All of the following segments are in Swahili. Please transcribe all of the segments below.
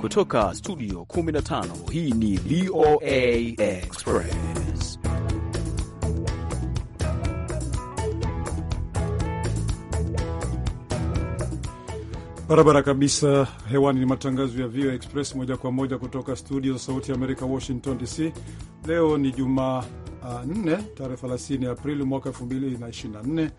Kutoka studio 15 hii ni VOA Express. Barabara kabisa hewani, ni matangazo ya VOA Express moja kwa moja kutoka studio za Sauti ya Amerika, Washington DC. Leo ni Jumanne, ah, tarehe 30 Aprili mwaka 2024.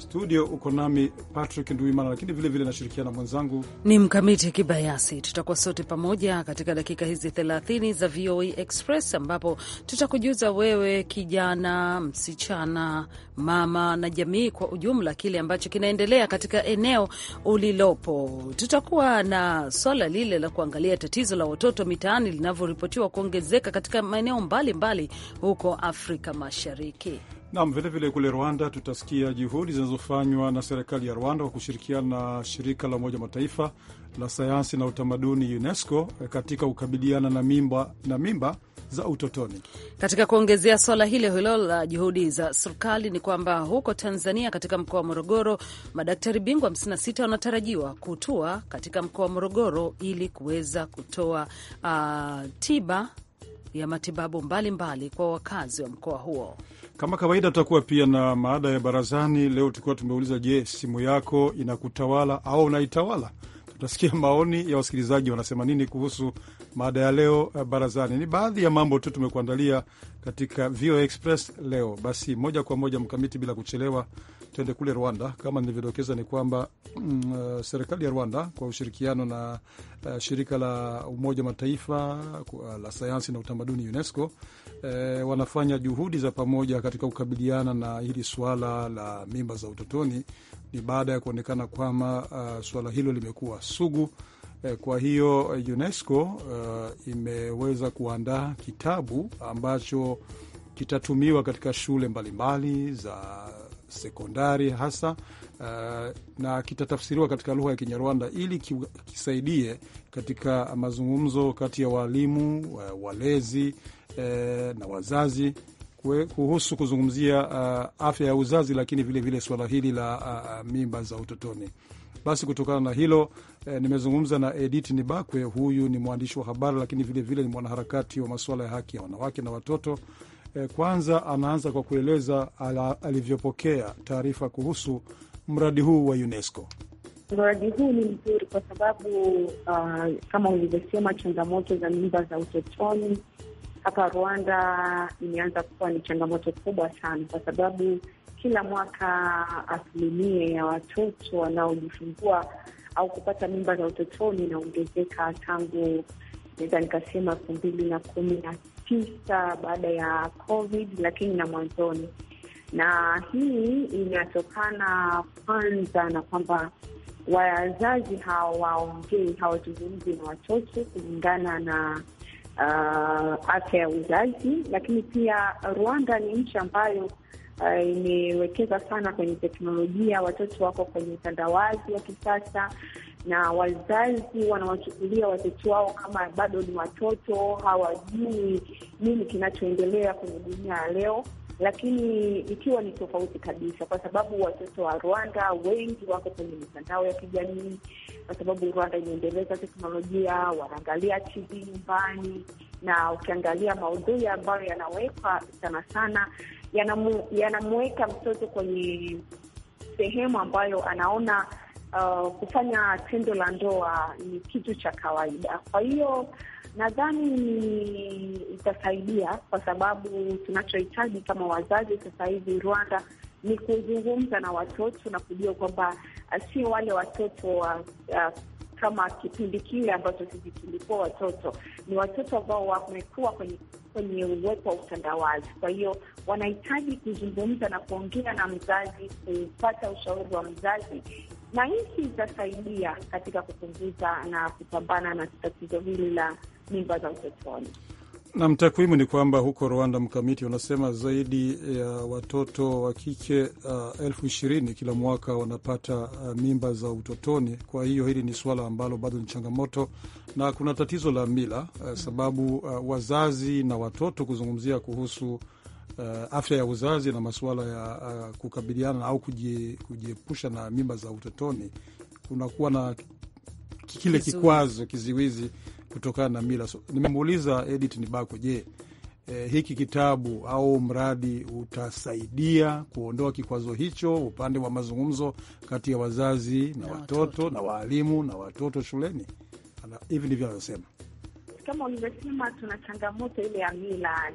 Studio uko nami Patrick Nduimana, lakini vilevile nashirikiana na mwenzangu ni Mkamiti Kibayasi. Tutakuwa sote pamoja katika dakika hizi 30 za VOA Express, ambapo tutakujuza wewe, kijana, msichana, mama na jamii kwa ujumla, kile ambacho kinaendelea katika eneo ulilopo. Tutakuwa na swala lile la kuangalia tatizo la watoto mitaani linavyoripotiwa kuongezeka katika maeneo mbalimbali huko Afrika Mashariki. Nam, vilevile kule Rwanda tutasikia juhudi zinazofanywa na serikali ya Rwanda kwa kushirikiana na shirika la Umoja Mataifa la sayansi na utamaduni UNESCO katika kukabiliana na mimba, na mimba za utotoni. Katika kuongezea swala hilo hilo la juhudi za serikali ni kwamba huko Tanzania, katika mkoa wa Morogoro, madaktari bingwa 56 wanatarajiwa kutua katika mkoa wa Morogoro ili kuweza kutoa uh, tiba ya matibabu mbalimbali mbali kwa wakazi wa mkoa huo. Kama kawaida, tutakuwa pia na maada ya barazani. Leo tulikuwa tumeuliza, je, simu yako inakutawala au unaitawala? Tutasikia maoni ya wasikilizaji wanasema nini kuhusu maada ya leo eh, barazani. Ni baadhi ya mambo tu tumekuandalia katika VOA Express leo. Basi moja kwa moja, Mkamiti, bila kuchelewa Tuende kule Rwanda. Kama nilivyodokeza, ni kwamba mm, uh, serikali ya Rwanda kwa ushirikiano na uh, shirika la Umoja Mataifa uh, la sayansi na utamaduni UNESCO, uh, wanafanya juhudi za pamoja katika kukabiliana na hili swala la mimba za utotoni. Ni baada ya kuonekana kwamba uh, swala hilo limekuwa sugu. Eh, kwa hiyo uh, UNESCO uh, imeweza kuandaa kitabu ambacho kitatumiwa katika shule mbalimbali mbali za sekondari hasa uh, na kitatafsiriwa katika lugha ya Kinyarwanda ili kisaidie katika mazungumzo kati ya waalimu, walezi uh, na wazazi kuhusu kuzungumzia uh, afya ya uzazi, lakini vilevile suala hili la uh, uh, mimba za utotoni. Basi kutokana na hilo eh, nimezungumza na Edith Nibakwe. Huyu ni mwandishi wa habari, lakini vilevile vile ni mwanaharakati wa masuala ya haki ya wanawake na watoto Eh, kwanza anaanza kwa kueleza alivyopokea taarifa kuhusu mradi huu wa UNESCO. Mradi huu ni mzuri kwa sababu uh, kama ulivyosema, changamoto za mimba za utotoni hapa Rwanda imeanza kuwa ni changamoto kubwa sana, kwa sababu kila mwaka asilimia ya watoto wanaojifungua au kupata mimba za utotoni inaongezeka tangu naweza nikasema elfu mbili na kumi na tisa baada ya COVID, lakini na mwanzoni, na hii inatokana kwanza na kwamba wazazi waongei, hawazungumzi na watoto kulingana na uh, afya ya uzazi. Lakini pia Rwanda ni nchi ambayo Uh, imewekeza sana kwenye teknolojia. Watoto wako kwenye utandawazi wa kisasa, na wazazi wanawachukulia watoto wao kama bado ni watoto, hawajui nini kinachoendelea kwenye dunia ya leo, lakini ikiwa ni tofauti kabisa, kwa sababu watoto wa Rwanda wengi wako kwenye mitandao ya kijamii, kwa sababu Rwanda imeendeleza teknolojia, wanaangalia TV nyumbani, na ukiangalia maudhui ambayo yanawekwa sana sana yanamuweka mtoto kwenye sehemu ambayo anaona uh, kufanya tendo la ndoa ni kitu cha kawaida. Kwa hiyo nadhani ni itasaidia, kwa sababu tunachohitaji kama wazazi sasa hivi Rwanda ni kuzungumza na watoto na kujua kwamba uh, sio wale watoto wa uh, kama kipindi kile ambacho sisi tulikuwa watoto, ni watoto ambao wamekuwa kwenye kwenye uwepo wa utandawazi. Kwa hiyo wanahitaji kuzungumza na kuongea na mzazi, kupata ushauri wa mzazi na nchi itasaidia katika kupunguza na kupambana na tatizo hili la mimba za utotoni. Nam, takwimu ni kwamba huko Rwanda mkamiti wanasema zaidi ya watoto wa kike uh, elfu ishirini kila mwaka wanapata uh, mimba za utotoni. Kwa hiyo hili ni suala ambalo bado ni changamoto na kuna tatizo la mila uh, sababu uh, wazazi na watoto kuzungumzia kuhusu uh, afya ya uzazi na masuala ya uh, kukabiliana au kujiepusha na mimba za utotoni, kunakuwa na kile kikwazo kiziwizi kutokana na mila. So, nimemuuliza Edith Nibako, je, eh, hiki kitabu au mradi utasaidia kuondoa kikwazo hicho upande wa mazungumzo kati ya wazazi na, na watoto, watoto na waalimu na watoto shuleni? Hivi ndivyo anasema. Kama ulivyosema, tuna changamoto ile ya mila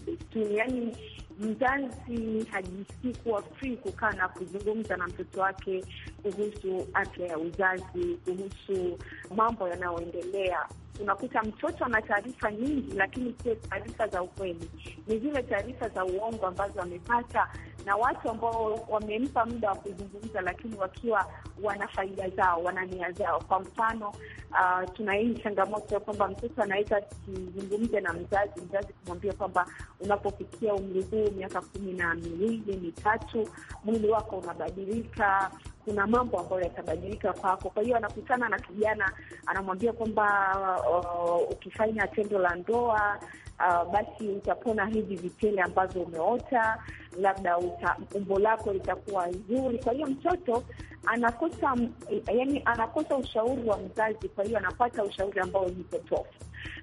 desturi, yani mzazi hajisikii kuwa free kukaa na kuzungumza na mtoto wake kuhusu afya ya uzazi, kuhusu mambo yanayoendelea unakuta mtoto ana taarifa nyingi, lakini sio taarifa za ukweli, ni zile taarifa za uongo ambazo wamepata na watu ambao wamempa muda wa kuzungumza, lakini wakiwa wana faida zao, wana nia zao. Kwa mfano, uh, tuna hii changamoto ya kwamba mtoto anaweza kizungumze na mzazi, mzazi kumwambia kwamba unapofikia umri huu, miaka kumi na miwili mitatu, mwili wako unabadilika kuna mambo ambayo yatabadilika kwako. Kwa hiyo anakutana na kijana anamwambia kwamba uh, ukifanya tendo la ndoa uh, basi utapona hivi vitele ambazo umeota, labda uta, umbo lako litakuwa zuri. Kwa hiyo mtoto anakosa yani, anakosa ushauri wa mzazi, kwa hiyo anapata ushauri ambao ni potofu.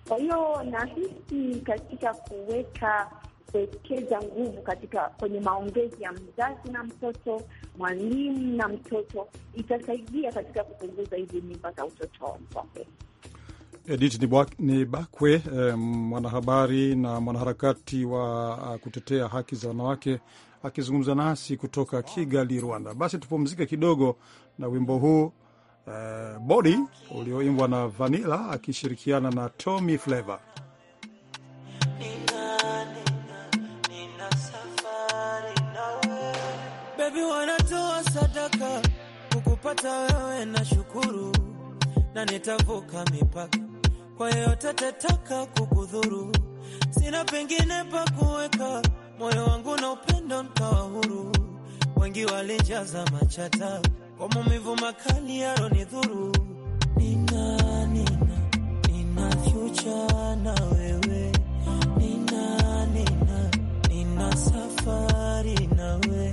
Kwa hiyo nahisi katika kuweka kuwekeza nguvu katika kwenye maongezi ya mzazi na mtoto, mwalimu na mtoto, itasaidia katika kupunguza hizi mimba za utoto mkongwe. Edith ni Bakwe, eh, mwanahabari na mwanaharakati wa uh, kutetea haki za wanawake akizungumza nasi kutoka Kigali, Rwanda. Basi tupumzike kidogo na wimbo huu uh, body ulioimbwa na Vanilla akishirikiana na Tommy Flavour. Madhehebu wanatoa sadaka kukupata wewe, na shukuru na nitavuka mipaka kwa yeyote atataka kukudhuru. Sina pengine pa kuweka moyo wangu na upendo nkawa huru. Wengi walijaza machata kwa maumivu makali dhuru. Nina nina nina future na wewe, nina nina nina safari wewe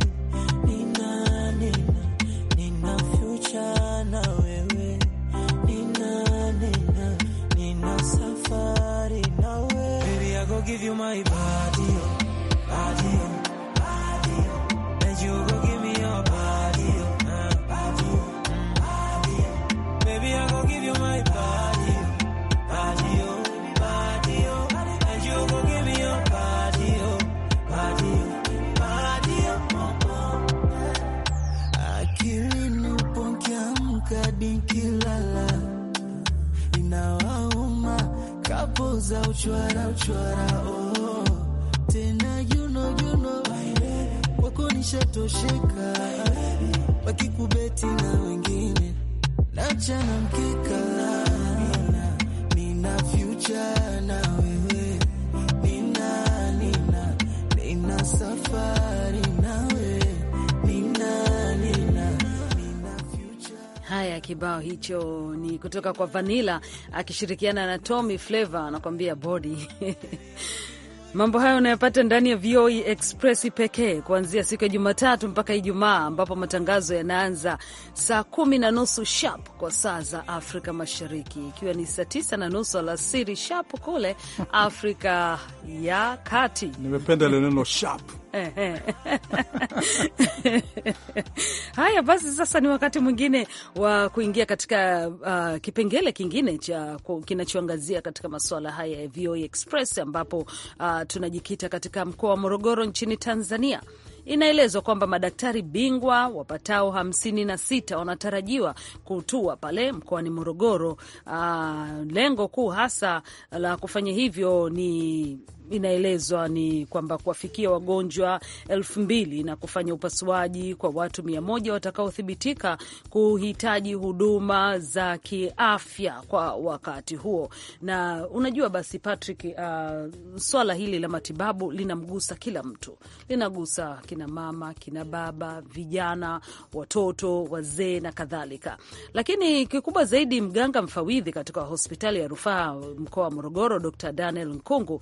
my body, oh, body, oh, body, oh. And you go give me your body, oh, uh, body, oh, body, oh. Baby, I go give you my body, oh, body, oh, body, oh. And you go give me your body, oh, body, oh, body, oh. Akili nipokiamka nikilala inawauma kapo za uchwara uchwara oh. kwako nishatosheka, baki kubeti na wengine nacha na mkeka. Nina, nina future na wewe, nina, nina, nina safari Haya, kibao hicho ni kutoka kwa Vanilla akishirikiana na Tommy Flavor anakuambia body Mambo hayo unayopata ndani ya VOA e Express pekee kuanzia siku ya Jumatatu mpaka Ijumaa, ambapo matangazo yanaanza saa kumi na nusu sharp kwa saa za Afrika Mashariki, ikiwa ni saa tisa na nusu alasiri sharp kule Afrika ya Kati. Nimependa ile neno sharp Haya basi, sasa ni wakati mwingine wa kuingia katika uh, kipengele kingine cha kinachoangazia katika masuala haya ya VOA e Express ambapo uh, tunajikita katika mkoa wa Morogoro nchini Tanzania. Inaelezwa kwamba madaktari bingwa wapatao hamsini na sita wanatarajiwa kutua pale mkoani Morogoro. Aa, uh, lengo kuu hasa la kufanya hivyo ni inaelezwa ni kwamba kuwafikia wagonjwa elfu mbili na kufanya upasuaji kwa watu mia moja watakaothibitika kuhitaji huduma za kiafya kwa wakati huo. Na unajua basi Patrick, uh, swala hili la matibabu linamgusa kila mtu, linagusa kina mama, kina baba, vijana, watoto, wazee na kadhalika. Lakini kikubwa zaidi, mganga mfawidhi katika hospitali ya rufaa mkoa wa Morogoro, Dr. Daniel Nkungu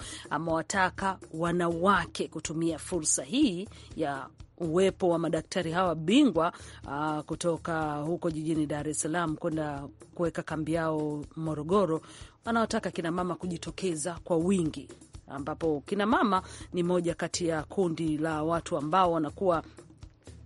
wanawataka wanawake kutumia fursa hii ya uwepo wa madaktari hawa bingwa aa, uh, kutoka huko jijini Dar es Salaam kwenda kuweka kambi yao Morogoro. Wanawataka kinamama kujitokeza kwa wingi ambapo kina mama ni moja kati ya kundi la watu ambao wanakuwa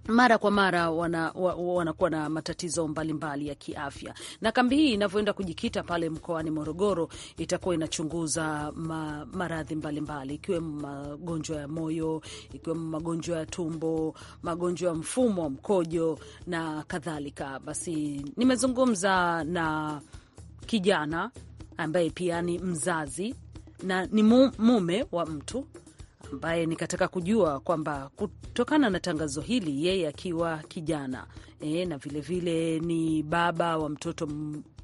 mara kwa mara wanakuwa wana, na matatizo mbalimbali mbali ya kiafya, na kambi hii inavyoenda kujikita pale mkoani Morogoro itakuwa inachunguza ma, maradhi mbalimbali ikiwemo magonjwa ya moyo, ikiwemo magonjwa ya tumbo, magonjwa ya mfumo wa mkojo na kadhalika. Basi nimezungumza na kijana ambaye pia ni mzazi na ni mume wa mtu ambaye nikataka kujua kwamba kutokana na tangazo hili, yeye akiwa kijana e, na vilevile vile ni baba wa mtoto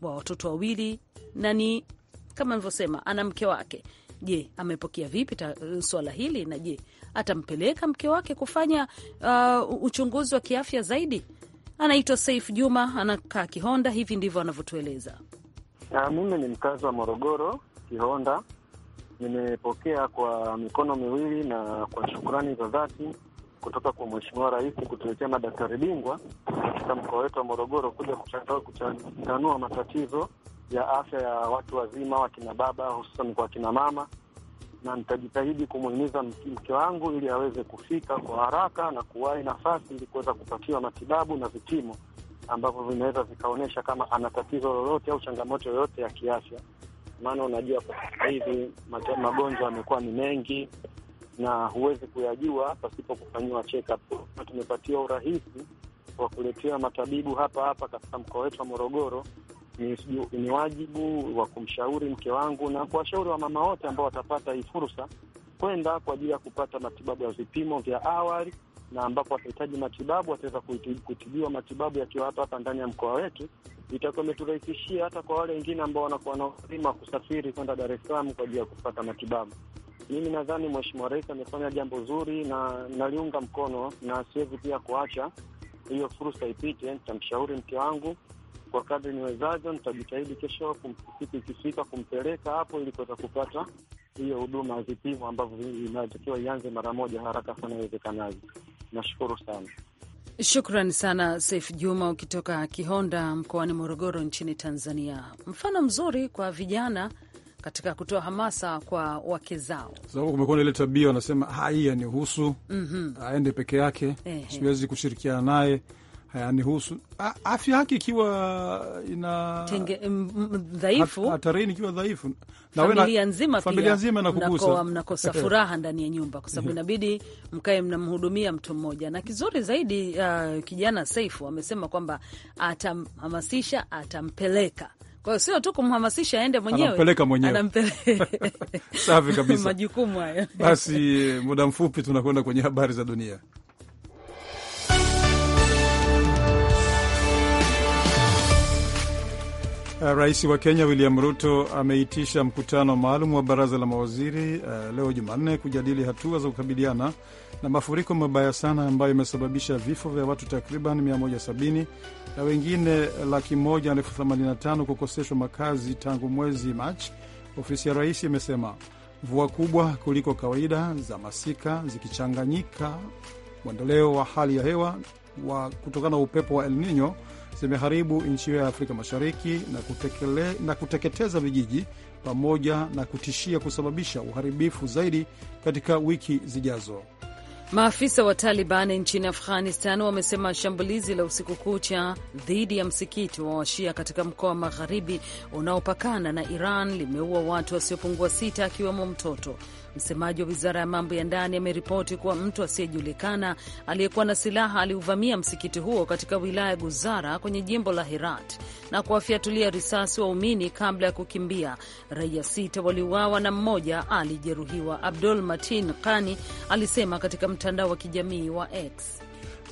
wa watoto wawili na ni kama nilivyosema ana mke wake. Je, amepokea vipi swala hili, na je atampeleka mke wake kufanya uh, uchunguzi wa kiafya zaidi? Anaitwa Saif Juma, anakaa Kihonda. Hivi ndivyo anavyotueleza. Mimi ni mkazi wa Morogoro, Kihonda nimepokea kwa mikono miwili na kwa shukrani za dhati kutoka kwa Mheshimiwa Rais kutuletea madaktari bingwa katika mkoa wetu wa Morogoro kuja kuchanua matatizo ya afya ya watu wazima, wakina baba, hususan kwa wakina mama, na nitajitahidi kumuhimiza mke wangu ili aweze kufika kwa haraka na kuwahi nafasi ili kuweza kupatiwa matibabu na vipimo ambavyo vinaweza vikaonyesha kama ana tatizo lolote au changamoto yoyote ya kiafya maana unajua kwa sasa hivi magonjwa yamekuwa ni mengi na huwezi kuyajua pasipo kufanyiwa check up. urahisi wa kuletea matabibu hapa hapa katika mkoa wetu wa Morogoro. Ni, ni wajibu wa kumshauri mke wangu na kuwashauri wa mama wote ambao watapata hii fursa kwenda kwa ajili ya kupata matibabu ya vipimo vya awali na ambapo watahitaji matibabu wataweza kutibiwa matibabu yakiwa hapa hapa ndani ya mkoa wetu. Itakuwa imeturahisishia hata kwa wale wengine ambao wanakuwa na uzima kusafiri kwenda Dar es Salaam kwa ajili ya kupata matibabu. Mimi nadhani Mheshimiwa Rais amefanya jambo zuri na naliunga mkono, na siwezi pia kuacha hiyo fursa ipite. Nitamshauri mke wangu kwa kadri niwezavyo, nitajitahidi kesho siku ikifika kumpeleka hapo ili kuweza kupata hiyo huduma ya vipimo ambavyo inatakiwa ianze mara moja haraka sana iwezekanavyo. Nashukuru sana. Shukran sana Saif Juma ukitoka Kihonda mkoani Morogoro nchini Tanzania. Mfano mzuri kwa vijana katika kutoa hamasa kwa wake zao, sababu kumekuwa na ile tabia wanasema ah, hii yanihusu, mm -hmm. aende peke yake, siwezi kushirikiana naye hayanihusu afya yake ikiwa ina dhaifu, hatarini ikiwa dhaifu, familia nzima, familia nzima inakugusa, mnakosa furaha ndani ya nyumba, kwa sababu inabidi mkae mnamhudumia mtu mmoja. Na kizuri zaidi, uh, kijana Saifu amesema kwamba atamhamasisha, atampeleka kwa hiyo sio tu kumhamasisha aende mwenyewe, anampeleka mwenyewe, anampeleka. Safi kabisa, majukumu hayo. Basi muda mfupi tunakwenda kwenye habari za dunia. Uh, rais wa Kenya William Ruto ameitisha mkutano maalum wa baraza la mawaziri uh, leo Jumanne kujadili hatua za kukabiliana na mafuriko mabaya sana ambayo imesababisha vifo vya watu takriban 170 na wengine laki moja na kukoseshwa makazi tangu mwezi Machi. Ofisi ya rais imesema mvua kubwa kuliko kawaida za masika zikichanganyika mwendeleo wa hali ya hewa wa kutokana na upepo wa El Nino zimeharibu nchi hiyo ya Afrika Mashariki na, kutekele, na kuteketeza vijiji pamoja na kutishia kusababisha uharibifu zaidi katika wiki zijazo. Maafisa wa Taliban nchini Afghanistan wamesema shambulizi la usiku kucha dhidi ya msikiti wa Washia katika mkoa wa magharibi unaopakana na Iran limeua watu wasiopungua sita akiwemo mtoto Msemaji wa wizara ya mambo ya ndani ameripoti kuwa mtu asiyejulikana aliyekuwa na silaha aliuvamia msikiti huo katika wilaya ya Guzara kwenye jimbo la Herat na kuwafyatulia risasi waumini kabla ya kukimbia. Raia sita waliuawa na mmoja alijeruhiwa. Abdul Matin Kani alisema katika mtandao wa kijamii wa X.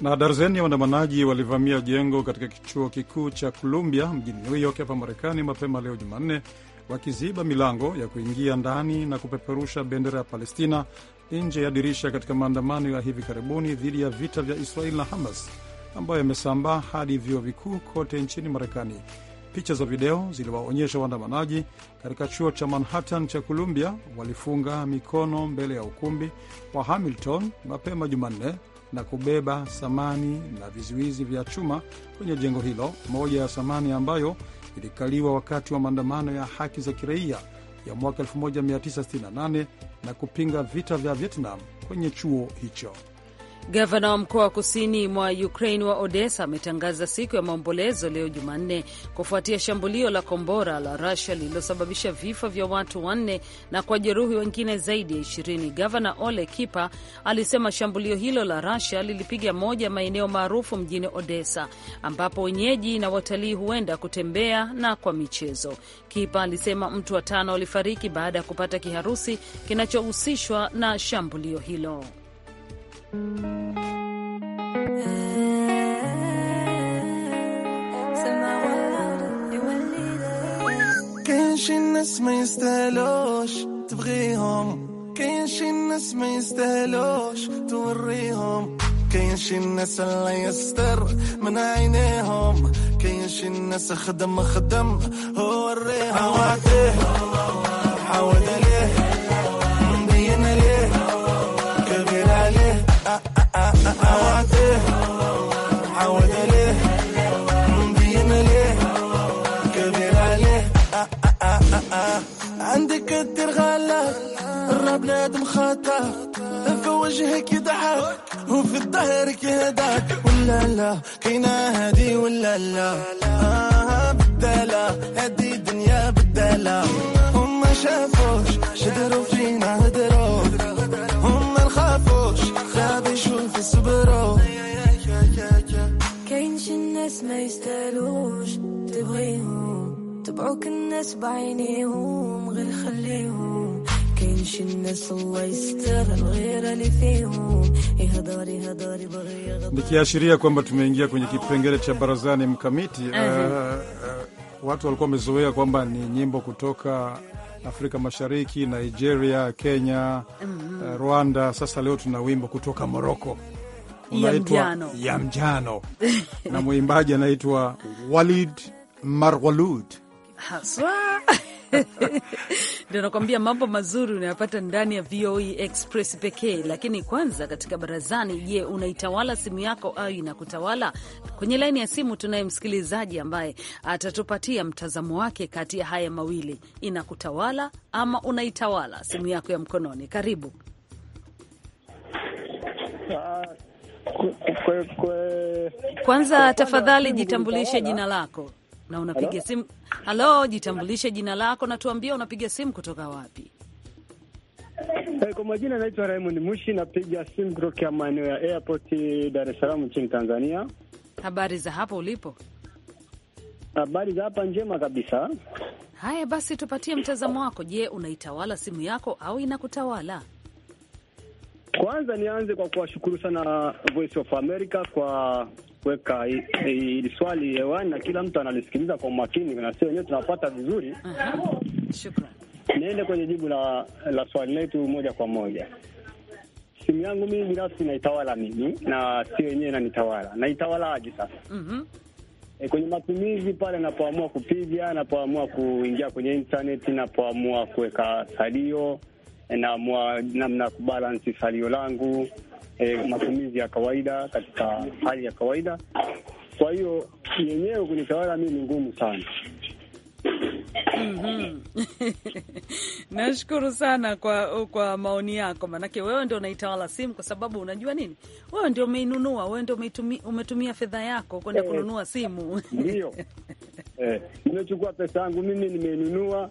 Na darzeni ya waandamanaji walivamia jengo katika kichuo kikuu cha Columbia mjini New York hapa Marekani mapema leo Jumanne wakiziba milango ya kuingia ndani na kupeperusha bendera ya Palestina nje ya dirisha katika maandamano ya hivi karibuni dhidi ya vita vya Israeli na Hamas ambayo yamesambaa hadi vyuo vikuu kote nchini Marekani. Picha za video ziliwaonyesha waandamanaji katika chuo cha Manhattan cha Columbia walifunga mikono mbele ya ukumbi wa Hamilton mapema Jumanne na kubeba samani na vizuizi vya chuma kwenye jengo hilo, moja ya samani ambayo ilikaliwa wakati wa maandamano ya haki za kiraia ya mwaka 1968 na kupinga vita vya Vietnam kwenye chuo hicho. Gavana wa mkoa wa kusini mwa Ukraine wa Odessa ametangaza siku ya maombolezo leo Jumanne kufuatia shambulio la kombora la Rusia lililosababisha vifo vya watu wanne na kwa jeruhi wengine zaidi ya ishirini. Gavana Ole Kipa alisema shambulio hilo la Rusia lilipiga moja maeneo maarufu mjini Odessa ambapo wenyeji na watalii huenda kutembea na kwa michezo. Kipa alisema mtu watano walifariki baada ya kupata kiharusi kinachohusishwa na shambulio hilo. كاين شي ناس ما يستاهلوش تبغيهم كاين شي ناس ما يستاهلوش توريهم كاين شي ناس الله يستر من عينيهم كاين شي ناس خدم خدم هو وريهم بنادم خطا في وجهك يضحك وفي ظهرك يهداك ولا لا كاينه هادي ولا لا آه بدلا هادي دنيا بدلا هما شافوش شدروا فينا هدروا هما نخافوش لا بيشوف صبروا كاينش الناس ما يستاهلوش تبغيهم تبعوك الناس بعينيهم غير خليهم nikiashiria kwamba tumeingia kwenye kipengele cha barazani mkamiti. uh -huh. uh, uh, watu walikuwa wamezoea kwamba ni nyimbo kutoka Afrika Mashariki, Nigeria, Kenya, mm -hmm. uh, Rwanda. Sasa leo tuna wimbo kutoka Moroko unaitwa ya mjano na mwimbaji anaitwa Walid Marwalud haswa Ndio nakwambia mambo mazuri unayapata ndani ya VOA e Express pekee. Lakini kwanza katika barazani, je, unaitawala simu yako au inakutawala? Kwenye laini ya simu tunaye msikilizaji ambaye atatupatia mtazamo wake kati ya haya mawili, inakutawala ama unaitawala simu yako ya mkononi. Karibu. Ah, kwe, kwe. Kwanza tafadhali jitambulishe jina lako na unapiga simu. Halo, jitambulishe jina lako na tuambie unapiga simu kutoka wapi? Hey, eh, kwa majina naitwa Raymond Mushi, napiga simu kutokea maeneo ya airport Dar es Salaam nchini Tanzania. Habari za hapo ulipo? Habari za hapa njema kabisa. Haya basi, tupatie mtazamo wako. Je, unaitawala simu yako au inakutawala? Kwanza nianze kwa kuwashukuru sana Voice of America kwa kuweka hili swali hewani na kila mtu analisikiliza kwa umakini, na sio wenyewe tunapata vizuri. Shukrani. Niende kwenye jibu la, la swali letu moja kwa moja. Simu yangu mimi binafsi naitawala mimi na sio wenyewe nanitawala. Naitawalaje sasa? mm -hmm. E, kwenye matumizi pale napoamua kupiga, napoamua kuingia kwenye internet, napoamua kuweka salio, e, naamua namna ya kubalansi salio langu eh, matumizi ya kawaida katika hali ya kawaida. Kwa hiyo yenyewe kunitawala mimi ni ngumu sana. Mm-hmm. Nashukuru sana kwa kwa maoni yako, maanake wewe ndio unaitawala simu, kwa sababu unajua nini, wewe ndio umeinunua, wewe ndio umetumia fedha yako kwenda eh. kununua simu. Ndio eh, nimechukua pesa yangu mimi, nimeinunua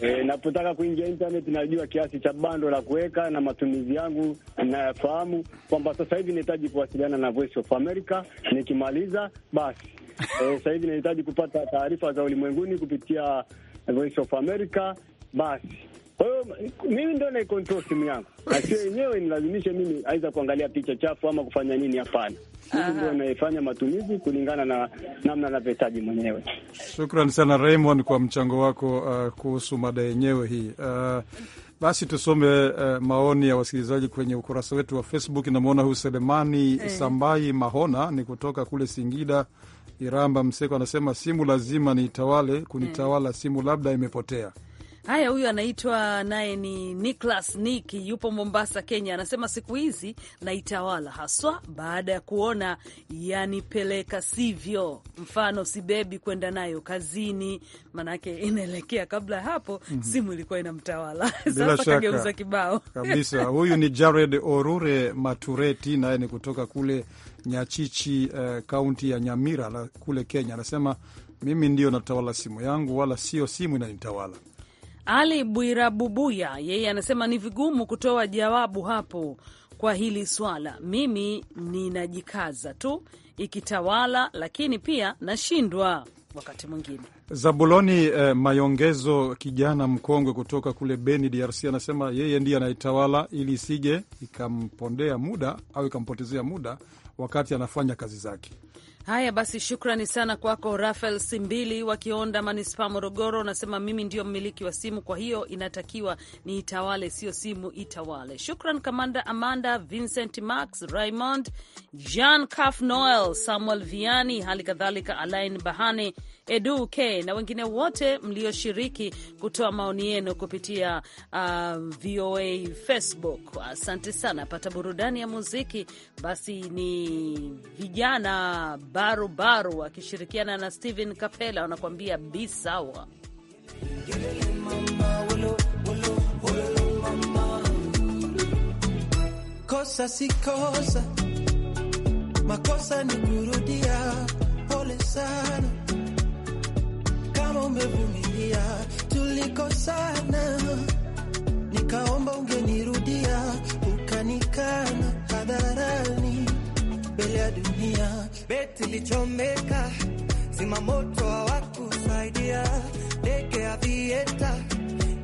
E, napotaka kuingia internet najua kiasi cha bando la kuweka na matumizi yangu nayafahamu, kwamba sasa hivi nahitaji kuwasiliana na Voice of America. Nikimaliza basi e, sasa hivi nahitaji kupata taarifa za ulimwenguni kupitia Voice of America basi kwa um, hiyo mimi ndio naikontrol simu yangu, nasio yenyewe nilazimishe mimi aidha kuangalia picha chafu ama kufanya nini. Hapana, mimi ndio naifanya matumizi kulingana na namna anavyohitaji mwenyewe. Shukran sana Raymond kwa mchango wako uh, kuhusu mada yenyewe hii uh, basi tusome uh, maoni ya wasikilizaji kwenye ukurasa wetu wa Facebook. Namwona huyu Selemani hey, eh. Sambai Mahona ni kutoka kule Singida Iramba Mseko, anasema simu lazima niitawale kunitawala, simu labda imepotea Haya, huyu anaitwa naye ni Niklas Niki, yupo Mombasa, Kenya. Anasema siku hizi naitawala haswa baada ya kuona yanipeleka sivyo, mfano sibebi kwenda nayo kazini, manake inaelekea. Kabla ya hapo mm -hmm. simu ilikuwa inamtawala sasa kageuza kibao kabisa. Huyu ni Jared Orure Matureti, naye ni kutoka kule Nyachichi eh, kaunti uh, ya Nyamira la kule Kenya. Anasema mimi ndio natawala simu yangu, wala sio simu inanitawala. Ali Bwirabubuya yeye anasema ni vigumu kutoa jawabu hapo kwa hili swala. Mimi ninajikaza tu ikitawala, lakini pia nashindwa wakati mwingine. Zabuloni eh, Mayongezo, kijana mkongwe kutoka kule Beni, DRC, anasema yeye ndiye anaitawala ili isije ikampondea muda au ikampotezea muda wakati anafanya kazi zake. Haya basi, shukrani sana kwako Rafael Simbili wa Kionda, manispaa Morogoro. Unasema mimi ndio mmiliki wa simu, kwa hiyo inatakiwa ni itawale, sio simu itawale. Shukran Kamanda Amanda, Vincent Max, Raymond Jean, Caf Noel, Samuel Viani, hali kadhalika Alain Bahane Edu K na wengine wote mlioshiriki kutoa maoni yenu kupitia uh, um, VOA Facebook. Asante sana. Pata burudani ya muziki basi, ni vijana barubaru akishirikiana na Steven Kapela wanakuambia bi sawa. Kosa si kosa, makosa ni kurudia. Pole sana kama umevumilia, tulikosana, nikaomba ungenirudia, ukanikana hadharani mbele ya dunia. Beti lichomeka, zimamoto moto hawakusaidia, ndege ya vieta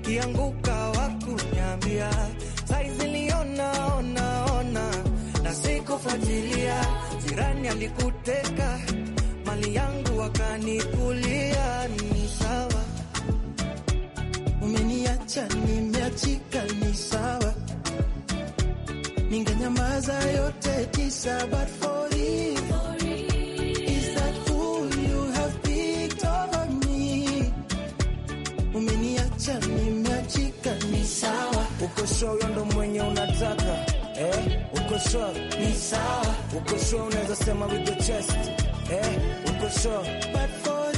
kianguka, hawakunyambia, saizi liona ona ona na sikufuatilia, jirani alikuteka mali yangu wakanikulia nimeacha nimeachika ni sawa, ningenyamaza yote tisa, but for ndo mwenye unataka eh? Ukoshwa ni sawa, unaweza sema with the chest eh? Ukoshwa but for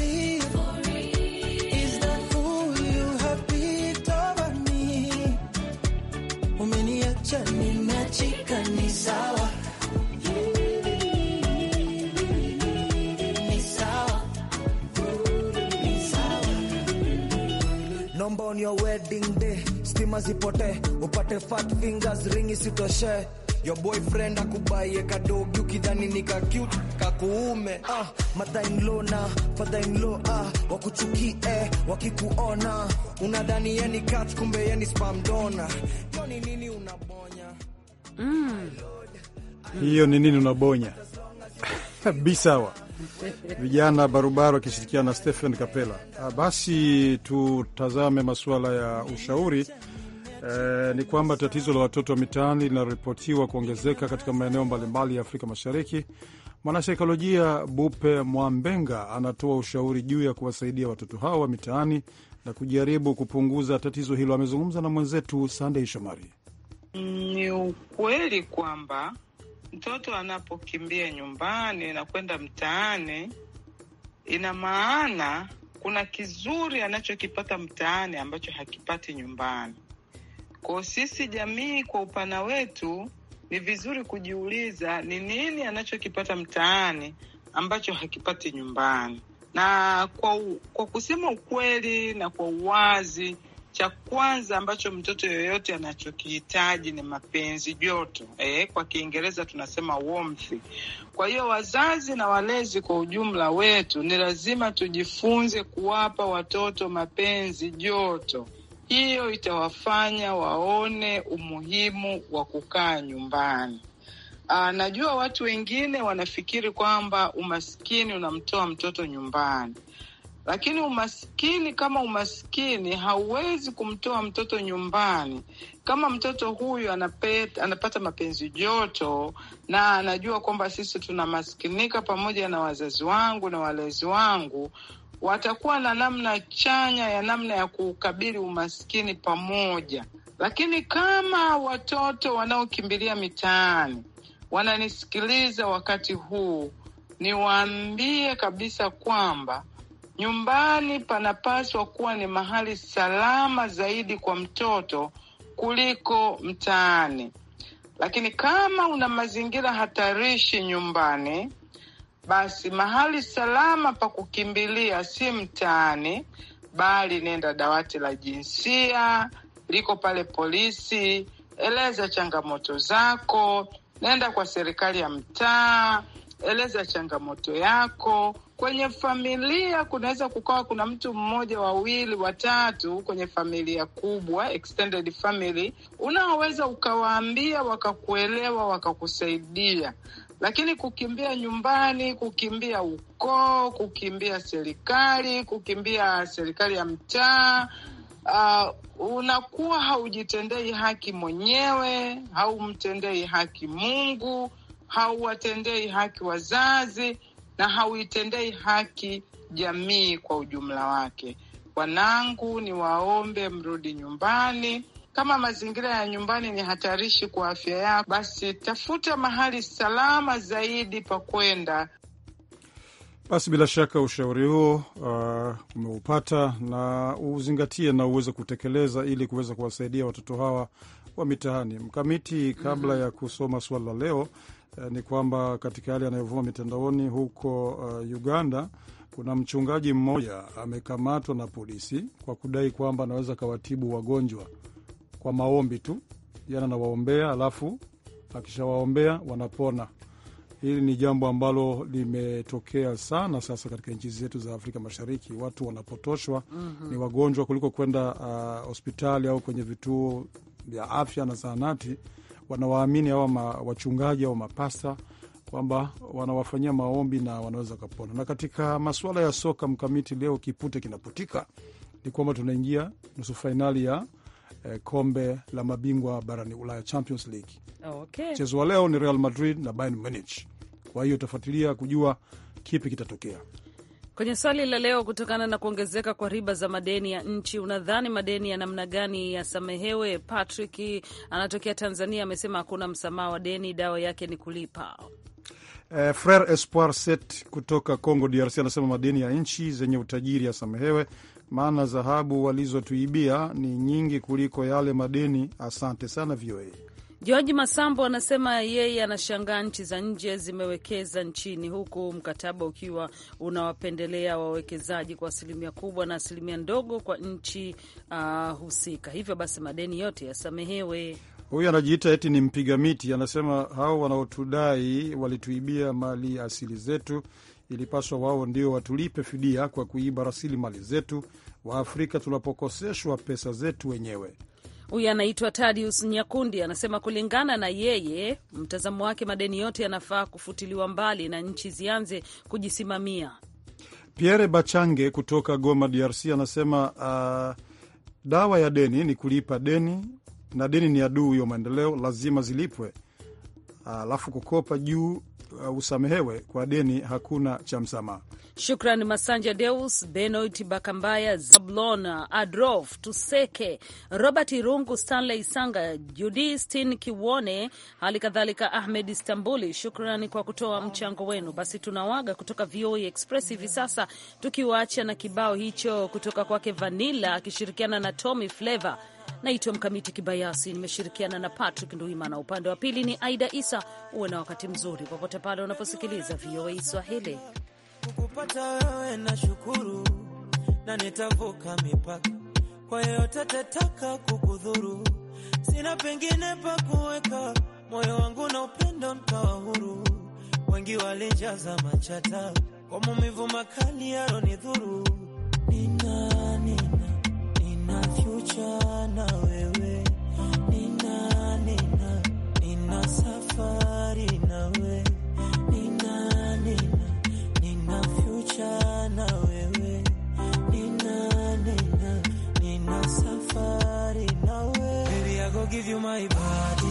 wedding day, stima zipote, upate fat fingers, ring isitoshe. your boyfriend akubaye kadogi ukidhani ni ka cute kakuume, ah, mother in law na father in law, ah, wakuchukie eh, wakikuona unadhani yani cat, kumbe yani spam donor. Hiyo nini unabonya? Mm. Hiyo ni nini unabonya? Bisawa vijana barubaru akishirikiana na Stephen Kapela. Ah, basi tutazame masuala ya ushauri. Eh, ni kwamba tatizo la watoto wa mitaani linaripotiwa kuongezeka katika maeneo mbalimbali ya Afrika Mashariki. Mwanasaikolojia Bupe Mwambenga anatoa ushauri juu ya kuwasaidia watoto hao wa mitaani na kujaribu kupunguza tatizo hilo. Amezungumza na mwenzetu Sandei Shomari. Ni ukweli kwamba mtoto anapokimbia nyumbani na kwenda mtaani, ina maana kuna kizuri anachokipata mtaani ambacho hakipati nyumbani. Kwa sisi jamii kwa upana wetu, ni vizuri kujiuliza ni nini anachokipata mtaani ambacho hakipati nyumbani. Na kwa, kwa kusema ukweli na kwa uwazi cha kwanza ambacho mtoto yoyote anachokihitaji ni mapenzi, joto eh, kwa Kiingereza tunasema warmth. Kwa hiyo wazazi na walezi kwa ujumla wetu ni lazima tujifunze kuwapa watoto mapenzi, joto. Hiyo itawafanya waone umuhimu wa kukaa nyumbani. Aa, ah, najua watu wengine wanafikiri kwamba umaskini unamtoa mtoto nyumbani lakini umaskini kama umaskini hauwezi kumtoa mtoto nyumbani. Kama mtoto huyu anapet, anapata mapenzi joto na anajua kwamba sisi tunamaskinika pamoja na wazazi wangu na walezi wangu, watakuwa na namna chanya ya namna ya kuukabili umaskini pamoja. Lakini kama watoto wanaokimbilia mitaani wananisikiliza wakati huu, niwaambie kabisa kwamba Nyumbani panapaswa kuwa ni mahali salama zaidi kwa mtoto kuliko mtaani, lakini kama una mazingira hatarishi nyumbani, basi mahali salama pa kukimbilia si mtaani, bali nenda dawati la jinsia, liko pale polisi. Eleza changamoto zako, nenda kwa serikali ya mtaa, eleza changamoto yako Kwenye familia kunaweza kukawa kuna mtu mmoja, wawili, watatu kwenye familia kubwa, extended family, unaoweza ukawaambia wakakuelewa, wakakusaidia. Lakini kukimbia nyumbani, kukimbia ukoo, kukimbia serikali, kukimbia serikali ya mtaa Uh, unakuwa haujitendei haki mwenyewe, haumtendei haki Mungu, hauwatendei haki wazazi na hauitendei haki jamii kwa ujumla wake. Wanangu, ni waombe mrudi nyumbani. Kama mazingira ya nyumbani ni hatarishi kwa afya yako, basi tafuta mahali salama zaidi pa kwenda. Basi bila shaka ushauri huo uh, umeupata na uzingatie na uweze kutekeleza ili kuweza kuwasaidia watoto hawa wa mitaani. Mkamiti, kabla mm -hmm. ya kusoma swala la leo, Eh, ni kwamba katika yale yanayovuma mitandaoni huko uh, Uganda kuna mchungaji mmoja amekamatwa na polisi kwa kudai kwamba anaweza akawatibu wagonjwa kwa maombi tu, yaani anawaombea, alafu akishawaombea wanapona. Hili ni jambo ambalo limetokea sana sasa katika nchi zetu za Afrika Mashariki. Watu wanapotoshwa mm -hmm. ni wagonjwa kuliko kwenda ah, hospitali au kwenye vituo vya afya na zahanati wanawaamini hawa ma, wachungaji au mapasta kwamba wanawafanyia maombi na wanaweza kapona. Na katika masuala ya soka mkamiti, leo kipute kinaputika ni kwamba tunaingia nusu fainali ya eh, kombe la mabingwa barani Ulaya, Champions League. Okay. Mchezo wa leo ni Real Madrid na Bayern Munich, kwa hiyo utafuatilia kujua kipi kitatokea. Kwenye swali la leo, kutokana na kuongezeka kwa riba za madeni ya nchi, unadhani madeni ya namna gani yasamehewe? Patrick anatokea Tanzania, amesema hakuna msamaha wa deni, dawa yake ni kulipa. Uh, eh, Frere Espoir Set kutoka Congo DRC anasema madeni ya nchi zenye utajiri yasamehewe, maana dhahabu walizotuibia ni nyingi kuliko yale madeni. Asante sana VOA. George Masambo anasema yeye anashangaa nchi za nje zimewekeza nchini huku mkataba ukiwa unawapendelea wawekezaji kwa asilimia kubwa na asilimia ndogo kwa nchi uh, husika. Hivyo basi madeni yote yasamehewe. Huyu anajiita eti ni mpiga miti, anasema hao wanaotudai walituibia mali asili zetu, ilipaswa wao ndio watulipe fidia kwa kuiba rasilimali zetu. Waafrika tunapokoseshwa pesa zetu wenyewe Huyu anaitwa Tadius Nyakundi, anasema kulingana na yeye, mtazamo wake, madeni yote yanafaa kufutiliwa mbali na nchi zianze kujisimamia. Pierre Bachange kutoka Goma, DRC, anasema uh, dawa ya deni ni kulipa deni, na deni ni adui huyo maendeleo, lazima zilipwe. Ah, alafu uh, kukopa juu Uh, usamehewe kwa deni, hakuna cha msamaha. Shukran Masanja Deus, Benoit Bakambaya, Zablon Adrof Tuseke, Robert Irungu, Stanley Sanga, Judistin Kiwone, hali kadhalika Ahmed Istambuli. Shukrani kwa kutoa mchango wenu. Basi tunawaga kutoka VOA e Express hivi sasa, tukiwaacha na kibao hicho kutoka kwake Vanilla akishirikiana na Tommy Flavour. Naitwa Mkamiti Kibayasi, nimeshirikiana na Patrick Nduimana. Upande wa pili ni Aida Isa. Uwe na wakati mzuri popote pale unaposikiliza VOA Swahili. Kukupata wewe na shukuru, na nitavuka mipaka kwa yeyote tataka kukudhuru, sina pengine pa kuweka moyo wangu na upendo mtawa huru, wengi walijaza machata kwa maumivu makali yaro ni dhuru future na wewe, nina nina nina safari na wewe, nina nina nina future na wewe, nina nina nina safari na wewe, baby I go give you my body